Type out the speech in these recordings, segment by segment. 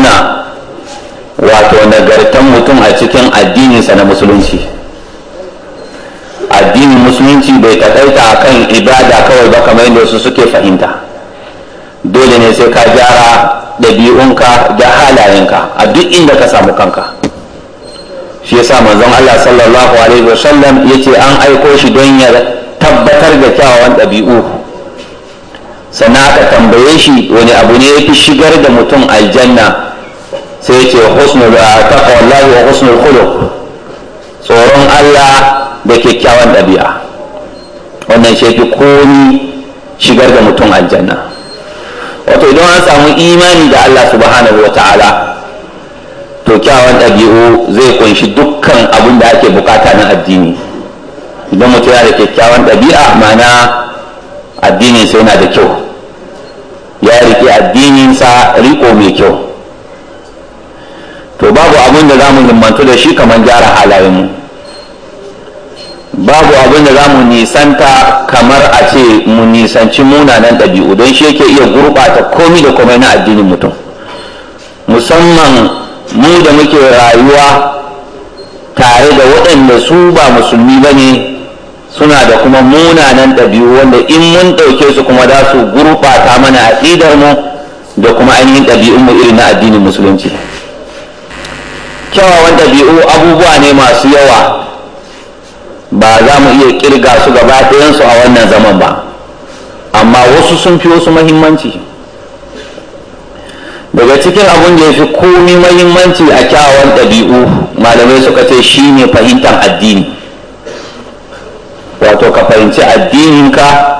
nuna wato nagartan mutum a cikin addininsa na musulunci addinin musulunci bai takaita a kan ibada kawai ba kamar yadda wasu suke fahimta dole ne sai ka gyara ɗabi'unka da halayenka a duk inda ka samu kanka shi yasa manzon Allah sallallahu alaihi wasallam yace an aiko shi don ya tabbatar da kyawawan ɗabi'u sana ka tambaye shi wani abu ne ya fi shigar da mutum aljanna sai ya ce husnul eh, wallahi wa husnul khuluq tsoron Allah da kyakkyawan ɗabi'a wannan shi fi komi shigar da mutum aljanna wato idan an samu imani da Allah subhanahu wa ta'ala to kyawan ɗabi'u zai kunshi dukkan abin da ake bukata na addini idan mutum yana da kyakkyawan ɗabi'a mana addinin sai yana da kyau ya rike addininsa riko mai kyau abin da za mu himmantu da shi kamar gyara mu babu abin da za mu nisanta kamar a ce mu nisanci munanan ɗabi'u don shi yake iya gurɓata komi da komai na addinin mutum musamman mu da muke rayuwa tare da waɗanda su ba musulmi ba ne suna da kuma munanan ɗabi'u wanda in mun ɗauke su kuma za su gurɓata mana aƙidar mu da kuma ainihin ɗabi'unmu irin na addinin musulunci kyawawan ɗabi'u abubuwa ne masu yawa ba za mu iya kirga su gaba ɗayansu a wannan zaman ba amma wasu sun fi wasu mahimmanci daga cikin abin da ya fi komi mahimmanci a kyawawan ɗabi'u malamai suka ce shi ne fahimtar addini wato ka fahimci addininka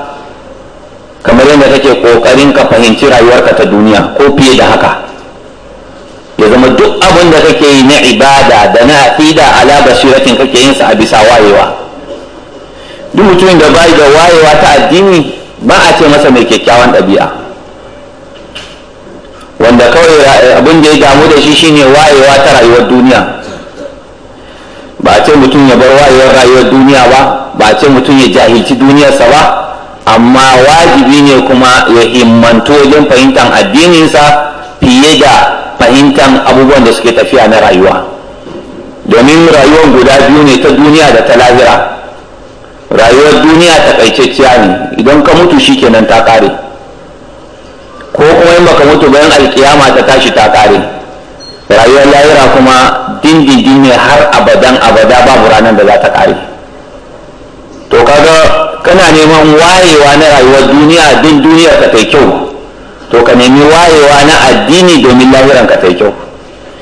kamar yadda kake ƙoƙarin ka fahimci rayuwarka ta duniya ko fiye da haka ya zama duk abin da kake yi na ibada da na aqida ala basiratin kake yin sa a bisa wayewa duk mutumin da bai da wayewa ta addini ba a ce masa mai kyakkyawan ɗabi'a wanda kawai eh, abin da ya damu da shi shine wayewa ta rayuwar duniya ba a ce mutum ya bar wayewar rayuwar duniya ba ba a ce mutum ya jahilci duniyarsa ba amma wajibi ne kuma ya himmantu wajen fahimtar addininsa fiye da fahimtan abubuwan da suke tafiya na rayuwa domin rayuwar guda biyu ne ta duniya da ta lahira rayuwar duniya ta takaitacciya ne idan ka mutu shi kenan ta kare ko kuma yin baka mutu bayan alkiyama ta tashi ta kare rayuwar lahira kuma dindindin ne har abadan abada babu ranar da za ta kare to kaga kana neman wayewa na rayuwar duniya din duniyar ka kai kyau to ka nemi wayewa na addini domin lahiran ka ta kyau